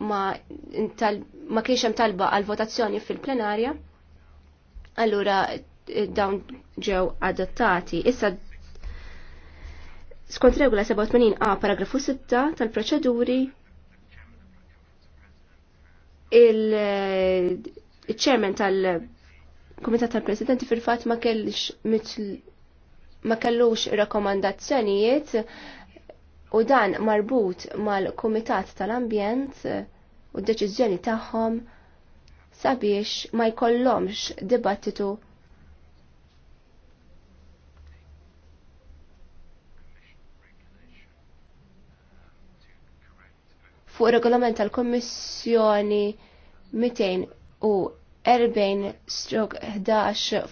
ma, ma kienx hemm talba għal votazzjoni fil-plenarja, allura eh, dawn ġew adottati. Issa skont regola 87 a paragrafu 6 tal-proċeduri il ċermen eh, tal-Komitat tal-Presidenti fil-fat ma kellix ma kellux rekomandazzjonijiet u dan marbut mal-Kumitat tal-Ambjent eh, u d-deċiżjoni tagħhom sabiex ma jkollhomx dibattitu fuq regolament tal-Kommissjoni 240-11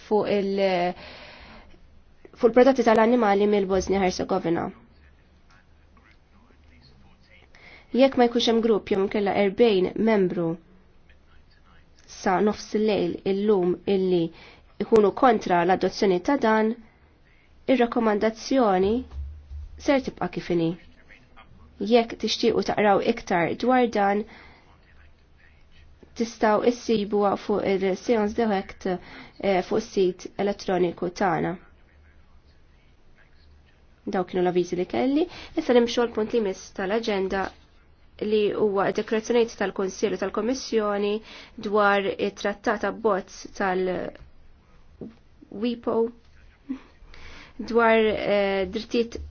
fuq il- fuq il-prodotti tal-animali mill-Bosnia Herzegovina jekk ma jkunx hemm grupp jew inkella 40 membru sa nofs il-lejl illum illi ikunu kontra l-adozzjoni ta' dan, ir-rakkomandazzjoni ser tibqa' kifini. Jekk tixtiequ taqraw iktar dwar dan, tistaw issibu fuq il sions Direct eh, fuq sit elettroniku tagħna. Daw kienu l avizi li kelli, issa nimxu l-punt li mis tal-aġenda li huwa dekretinajt tal u tal-Komissjoni dwar it-trattat abbozz tal-WIPO dwar eh, drittijiet